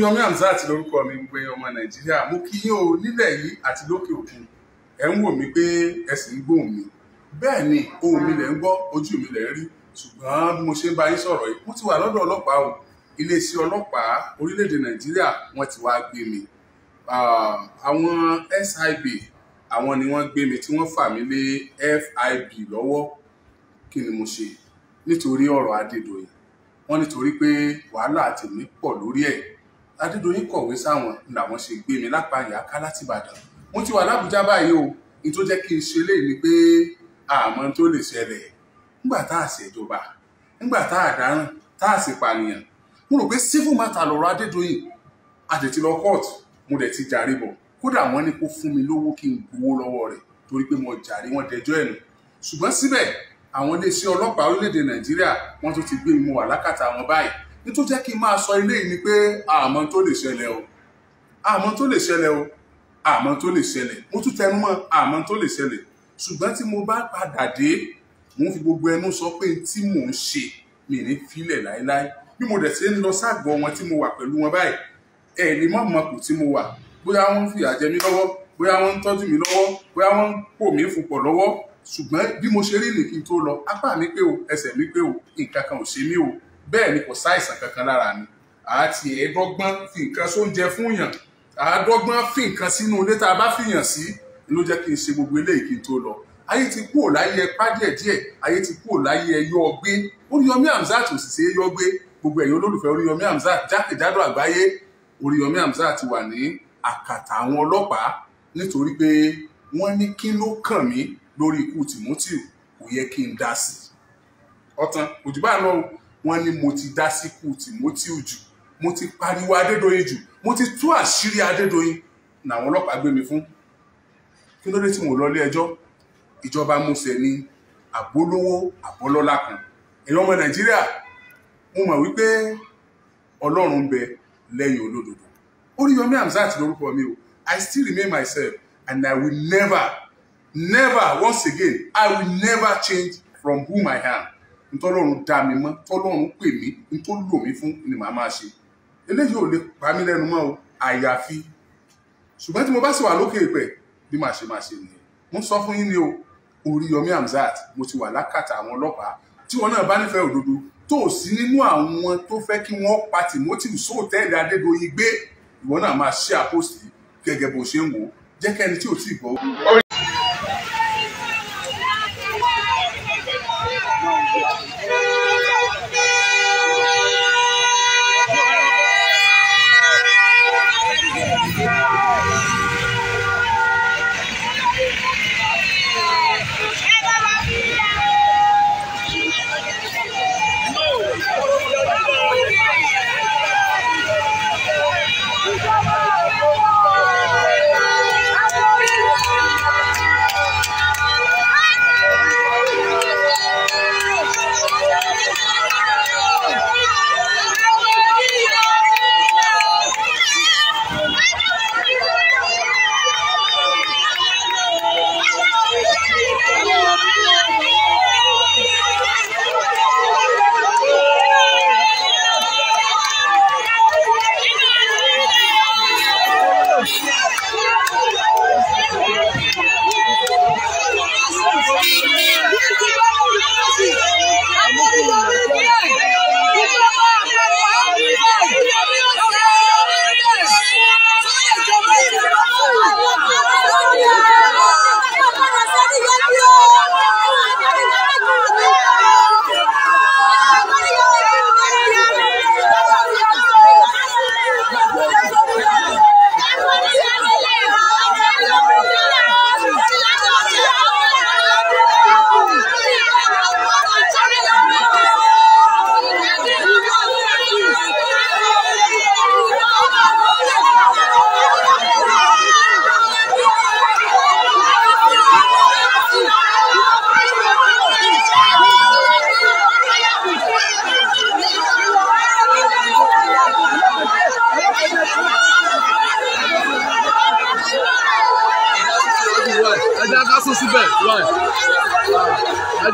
Yomi Hamzat lórúkọ mi gbogbo ẹ̀yin ọmọ Nàìjíríà mo kí yín o nílẹ̀ yìí àti lókè òkun ẹ ń wò mí pé ẹ sì ń gbóhùn mi bẹ́ẹ̀ ni ohùn mi lẹ ń gbọ́ ojú mi lẹ ń rí ṣùgbọ́n mo ṣe ń bá yín sọ̀rọ̀ yìí mo ti wà lọ́dọ̀ ọlọ́pàá o iléeṣẹ́ ọlọ́pàá orílẹ̀ Nàìjíríà wọ́n ti wá gbé mi ah, àwọn SIB àwọn ni wọ́n gbé mi tí wọ́n fà mí lé FIB lọ́wọ́ kí ni mo ṣe nítorí ọ̀rọ̀ Adédoyin wọ́n nítorí pé wàhálà tèmi pọ̀ lórí ẹ̀ adédọyìn kọ̀wé sáwọn làwọn ṣe gbé mi lápá ìyáká láti ìbàdàn mo ti wà lábújá báyìí o ní tó jẹ́ kí n ṣe léyìí ni pé àmọ́ tó lè ṣẹlẹ̀ nígbà tá a ṣèjọba nígbà tá a dáràn tá a sì pànìyàn mo rò pé civil matter lọ́rọ̀ adédọyìn àtẹ̀tí lọ court mo dẹ̀ ti jàre bọ̀ kódà wọ́n ní kó fún mi lówó kí n gbowó lọ́wọ́ rẹ̀ torí pé mo jàre wọ́n dẹjọ́ ẹ̀nu ṣùgbọ́n síbẹ̀ àwọn iléeṣẹ́ ọlọ́pàá orílẹ̀-èdè nàìjíríà wọ́n tún ti gbé mi mo wà lákàtà wọn báyìí ní tó jẹ́ kí n máa sọ ilé yìí ni pé àmọ́ tó lè ṣẹlẹ̀ o àmọ́ tó lè ṣẹlẹ̀ o àmọ́ tó lè ṣẹlẹ̀ mo tún tẹnu mọ́ àmọ́ tó lè ṣẹlẹ̀ ṣùgbọ́n tí mo bá padà dé mo ń fi gbogbo ẹnu sọ pé tí mò ń ṣe mi ní filẹ̀ láéláé bí mo dẹ̀ ṣe ń lọ ságọ̀ wọn tí mo wà pẹ̀lú wọn báyìí ẹ̀ ní mọ̀ mọ̀ kù tí mo wà bóyá wọ́n ń fìyà jẹ mí lọ́wọ́ bóyá wọ́n ń tọ́jú mi lọ́wọ́ bóyá wọ́n ń pò mí fòpọ̀ lọ́wọ́ ṣùgbọ́n bí mo ṣe rí nìkí tó lọ apá mi pé o ẹsẹ̀ mi pé o nǹkan kan ò ṣe mí o bẹ́ẹ̀ ni kò sáìsàn kankan lára mi àti ẹ̀ẹ́dọ́gbọ́n fi nǹkan sóúnjẹ fún yàn àádọ́gbọ́n fi nǹkan sínú ilé tá a bá fìyàn sí ló jẹ́ kí n ṣe gbogbo eléyìí kí n tó lọ ayé ti kúrò láyé ẹpá díẹ̀díẹ̀ ayé ti kúrò láyé ẹyọ ọgbẹ́ Oríyọmí Hamzat ò sì ṣe é yọgbẹ́ gbogbo ẹ̀yin olólùfẹ́ Oríyọmí Hamzat jákèjádò àgbáyé Oríyọmí Hamzat ti wà ní àkàtà àwọn ọlọ́pàá nítorí pé wọ́n ní kí ló kàn mí lórí ikú Timothy kò yẹ kí n dá sí ọ̀tàn òjúbà náà wọ́n ní mo ti dá síkú Timothy jù mo ti pariwo Adédoyin jù mo ti tú àṣírí Adédoyin làwọn ọlọ́pàá gbé mi fún kí ló dé tí mo lọ ilé ẹjọ́ ìjọba musẹ̀ ni àbólówó àbọ́lọ́lá kan ẹ̀yọ́ ọmọ Nàìjíríà mo mọ̀ wípé Ọlọ́run bẹ lẹ́yìn olódodo Oríyọmí Hamzat lórúkọ mi o I still remain myself and I will never never once again I will never change from whom I am ntọ́lọ́run dá mi mọ́ tọ́lọ́run pè mí ntọ́lọ́ mi fún ni màá máa ṣe eléyìí ò lè pa mí lẹ́nu mọ́ o àyàfi ṣùgbọ́n tí mo bá sì wà lókè pẹ̀ bí màá ṣe máa ṣe nìyẹn mo sọ fún yín ni o Oríyọmí amzat mo ti wà lákàtà àwọn ọlọ́pàá tí wọn náà bá nífẹ̀ẹ́ òdodo tó o sí nínú àwọn tó fẹ́ kí wọ́n pa Timothy sóòtẹ́ẹ̀lì Adédoyin gbé ìwọ náà máa ṣe àpòsí gẹ́gẹ́ bó ṣe ń wò jẹ́ kẹ́ni tí ò tí ì gbọ́.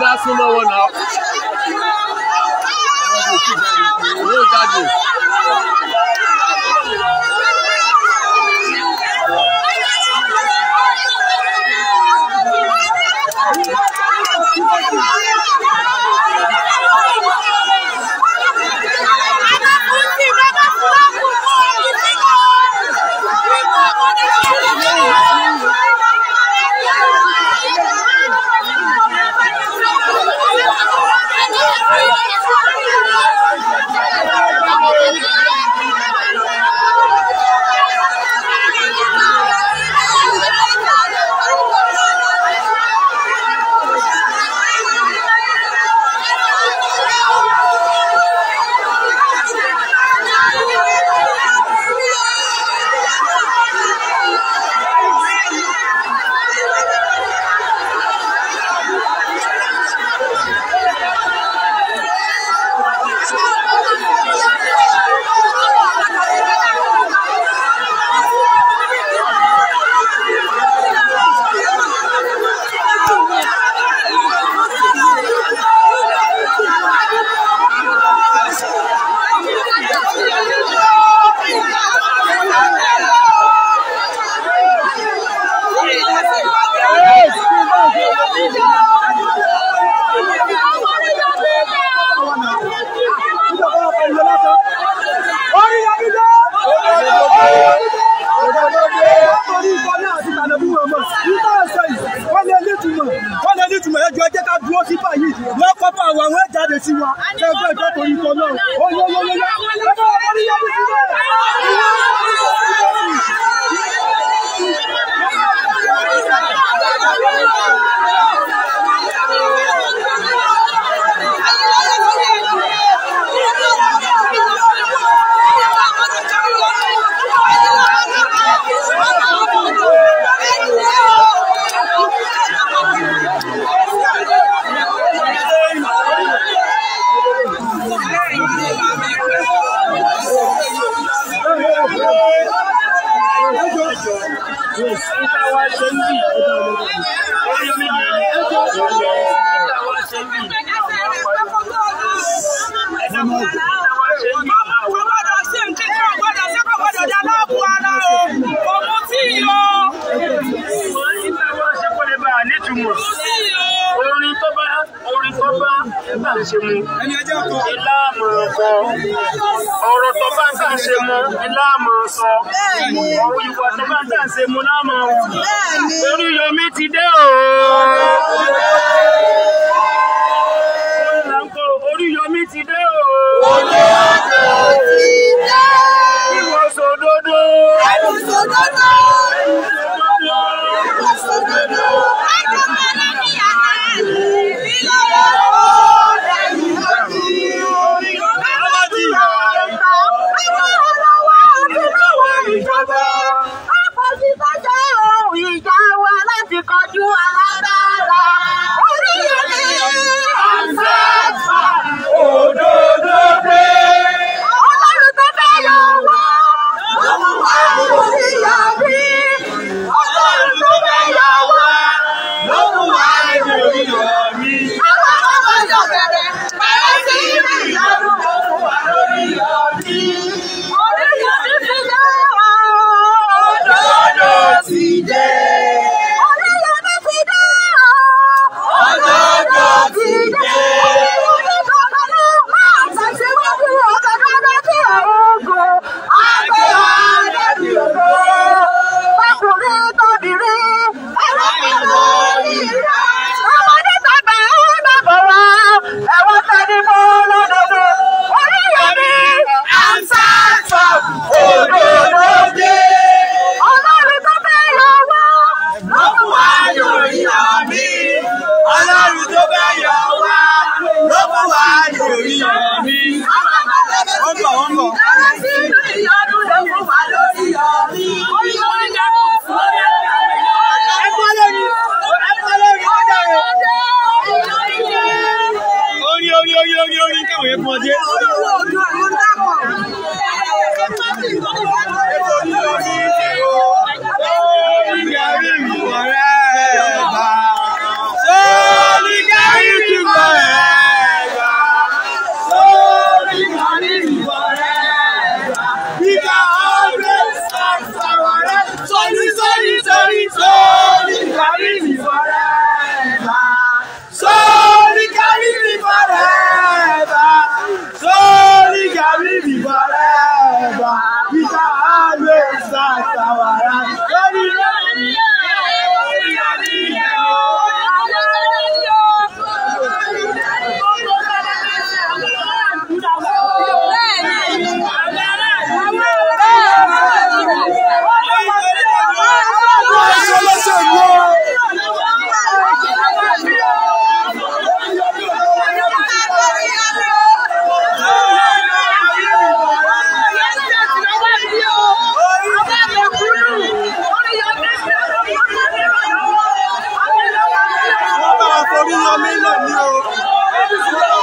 That's the one out. orin tó bá orin tó bá nígbà ṣe mu ilá àmọ̀ràn kọ ọ̀rọ̀ tó bá ń tà ṣe mu ilá àmọ̀ràn sọ ọ̀rọ̀ ìwà tó bá ń tà ṣe mu láàmọ̀ Oríyọmí ti dé o. Oríyọmí ti dé o. Olóòtú ti dé. Ìwọ sòdodo. Ẹ̀bùn sòdodo. orí yọmí náà ní o.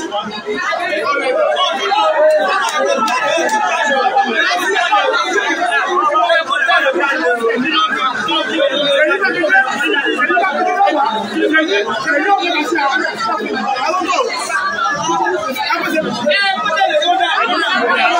I don't know.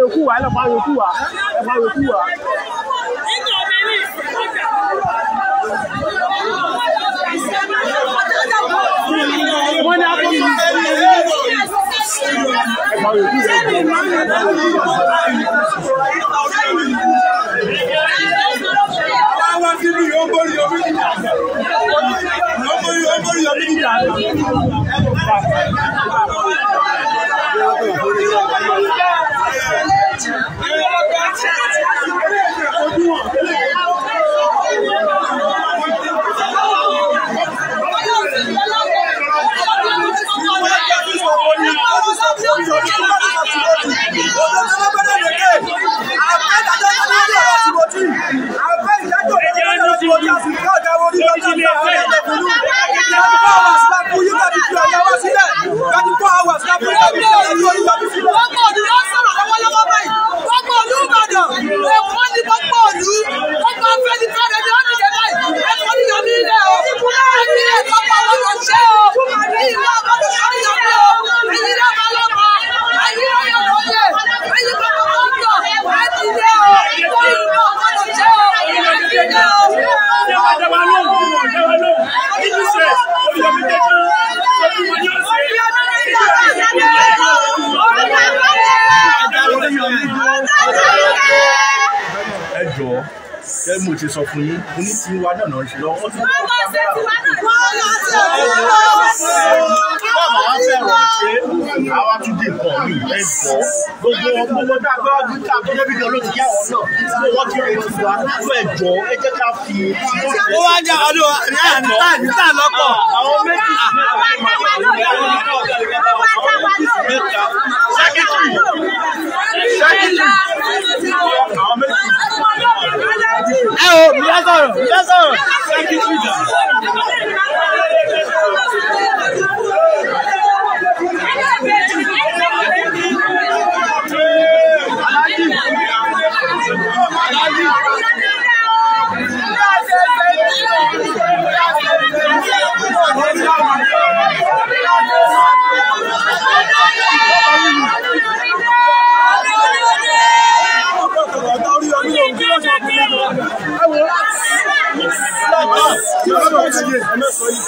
有库，完了发有库啊！发玩库啊！ṣé mo ti sọ fún yín mo ní tiwa náà náà ṣe lọ. wọ́n máa ṣe tiwa náà lọ. wọ́n máa ṣe tiwa náà ṣe lọ. wọ́n máa fẹ́ràn ṣe àwa tún dé nǹkan mi ẹ̀ bọ́. gbogbo gbogbo tó débi kan ti yá ọ̀ náà tí ti rè ti wá fún ẹ̀jọ́ ẹ jẹ́ ká fi. ó wá ní ọdún níta níta lọ́pọ̀. àwọn méjì mẹ́ta sẹ́kítì sẹ́kítì àwọn méjì ẹ o mi yá sọ̀rọ̀ mi yá sọ̀rọ̀.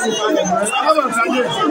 Sábà sáyé.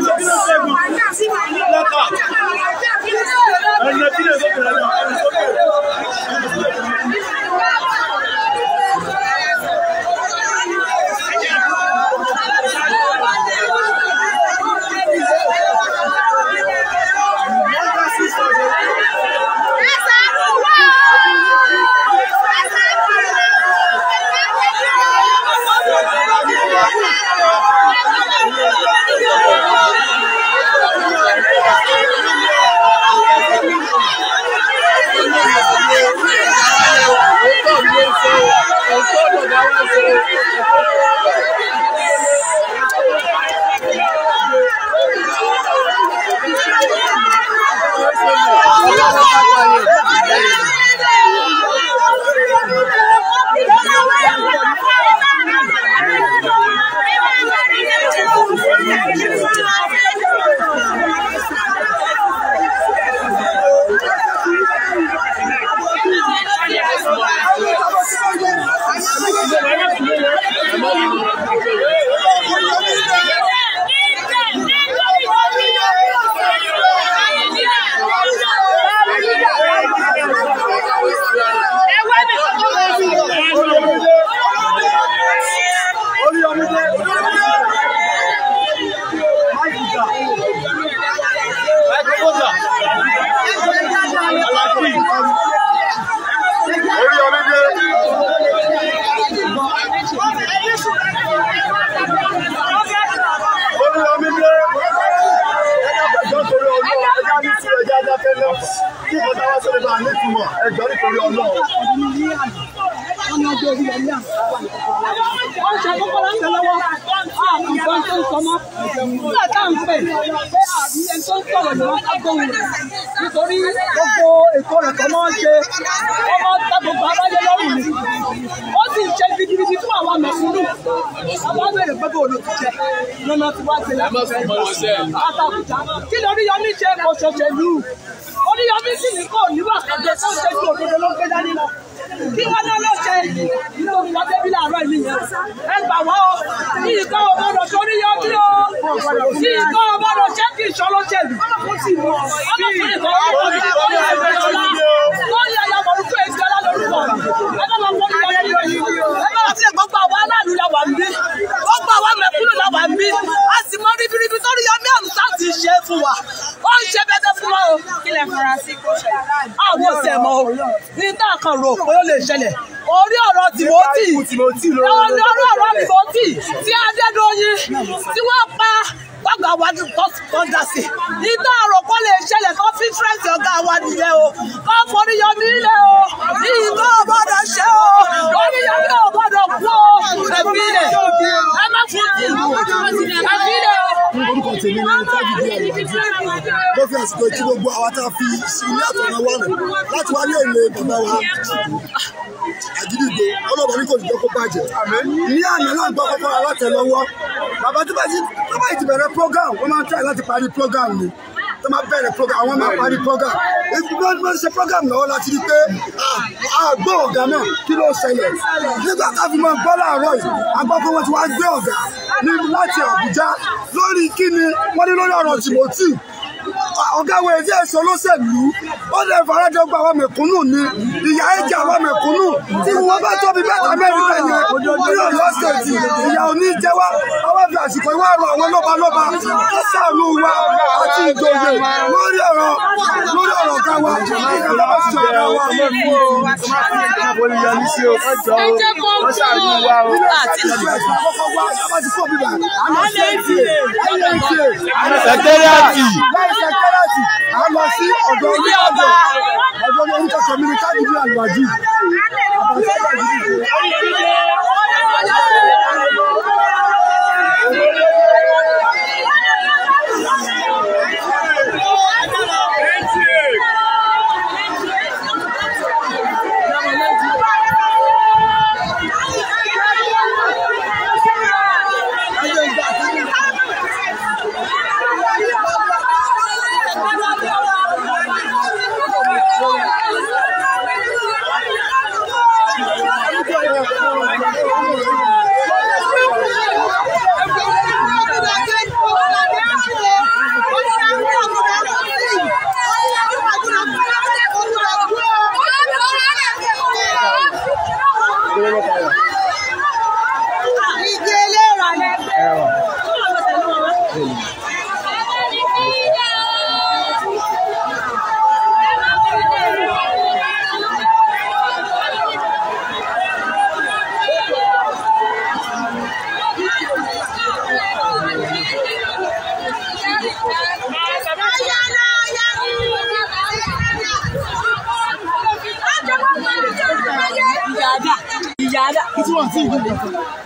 wà ẹjọ́ nítorí ọlọ́run. wọ́n yọ ọjọ́ orí ọlẹ́ àwọn ọ̀ṣà tó ń sọmọ́ nígbà tá à ń pè àbíyẹn tó ń sọ̀rọ̀ ni wọ́n ká gbóhùn rẹ̀ nítorí gbogbo ètò rẹ̀ tó máa ń ṣe ọmọ gbogbo abájẹ lọ́rùn ni ó sì ń ṣe gidigidi fún àwọn mẹ̀kúnnù àwọn abẹ́rẹ́ gbogbo olùdíje lọ́nà tí wọ́n ti lẹ́kọ̀ọ́ àtàkùtà kí lóríyọmí ṣe kò ṣòṣèlú. Oníyọmí sì ní kò níwà kẹjọ tó ń ṣe ju òdodo ló ń gbé dání lọ kí wọ́n náà lọ ṣe ilé olùkọ́ débi láàárọ̀ ìlú yẹn ẹ gbà wọ́n o kí ìkọ́ ọmọdọ̀ sórí yọ kí o kí ìkọ́ ọmọdọ̀ ṣé kí ìṣọ́ ló ṣèlú kí ìkọ́ ọmọdọ̀ sórí yọ kí o. ṣe fún wa ó ń ṣe bẹ́tẹ́ fún wa o. kílẹ̀ fara sí kó ṣẹlẹ̀. àwọn ọ̀sẹ̀ mọ́ o ní náà kan rò pé ó lè ṣẹlẹ̀ orí ọ̀rọ̀ tìmọ́tì orí ọ̀rọ̀ tìmọ́tì tí adédọ́yìn tí wọ́n pa ọ̀gá wa tó dá sí iná àròkọ lè ṣẹlẹ̀ kó fi fírẹ́ǹsì ọ̀gá wa nìyẹn o kó foríyọmí lé o ní ìgbà ṣe o foríyọmí ọ̀gbọ́dọ̀ kú o ẹ̀fí lẹ̀ ẹ má fún ti ẹ̀fí lẹ̀ orúkọ tèmi ni tájú bí ọ̀nà mo fi àsìkò ìtí gbogbo àwa tá a fi ilé àtọ̀nà wà nù láti wá ní èlé bàbá wa àjídìgbò ọlọ́bàá ní kò ní kó bàjẹ́ ní àná láǹgbá kọ́kọ́ alátẹ̀lọ́wọ́ bàbá tó bá ti bẹ̀rẹ̀ program wọ́n máa ń tẹ̀ láti parí program ni tó máa bẹ̀rẹ̀ program àwọn máa parí program ibi wọ́n máa ń ṣe program lọ́wọ́ láti rí pé àgbọ̀ ọ̀gá náà kí ló ṣẹlẹ̀ nígbà tá a fi máa gbọ́ láàárọ̀ yìí àgbọ̀ pé wọ́n ti wá gbé ọ̀gá ní láti Àbújá lórí kí ni wọ́n ní lórí ọ̀rọ̀ Timothy ọ̀gá wo èdè èso olóṣèlú ó lè farajọ gba àwọn mẹ̀kúnnù ni ìyá ẹ̀jẹ̀ àwọn mẹ̀kúnnù tí wọ́n bá tóbi bẹ́ẹ̀ tàbí ẹ̀rí bẹ́ẹ̀ yẹn ní Ọ̀yọ́ ṣèjì ìyá òní jẹ́wọ́ fi àsìkò ìwà ọ̀rọ̀ àwọn lọ́ba lọ́ba sàánú wa àti ìjòyè lórí ọ̀rọ̀ lórí ọ̀rọ̀ ọ̀gá wa ìkàlọ́ bá ti ọ̀rọ̀ wa. ẹ jẹ́ kó kúrò àti sẹkẹrẹati. a lọ sí ọ̀dọ̀ ilé ọba ọ̀dọ̀ ní orúkọ kọ̀mínítà ìlú àlùwájú. àbàtà ìlú àlùwájú.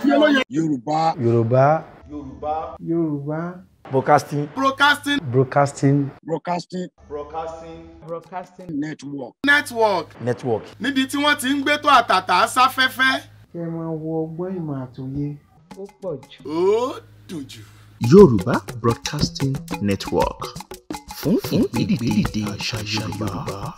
Yoruba, Yoruba, Yoruba, Yoruba, Broadcasting. Broadcasting. Broadcasting. Broadcasting. Broadcasting. Broadcasting. Network. Network. Network. Níbi tí wọ́n ti ń gbé tó àtàtà sáfẹ́fẹ́. Kẹ́ ẹ máa wo ọgbọ́n ìmọ̀ àtòyé. Ó pọ̀ jù. Ó dùn jù. Yorùbá Broadcasting Network fún fún àṣà Yorùbá.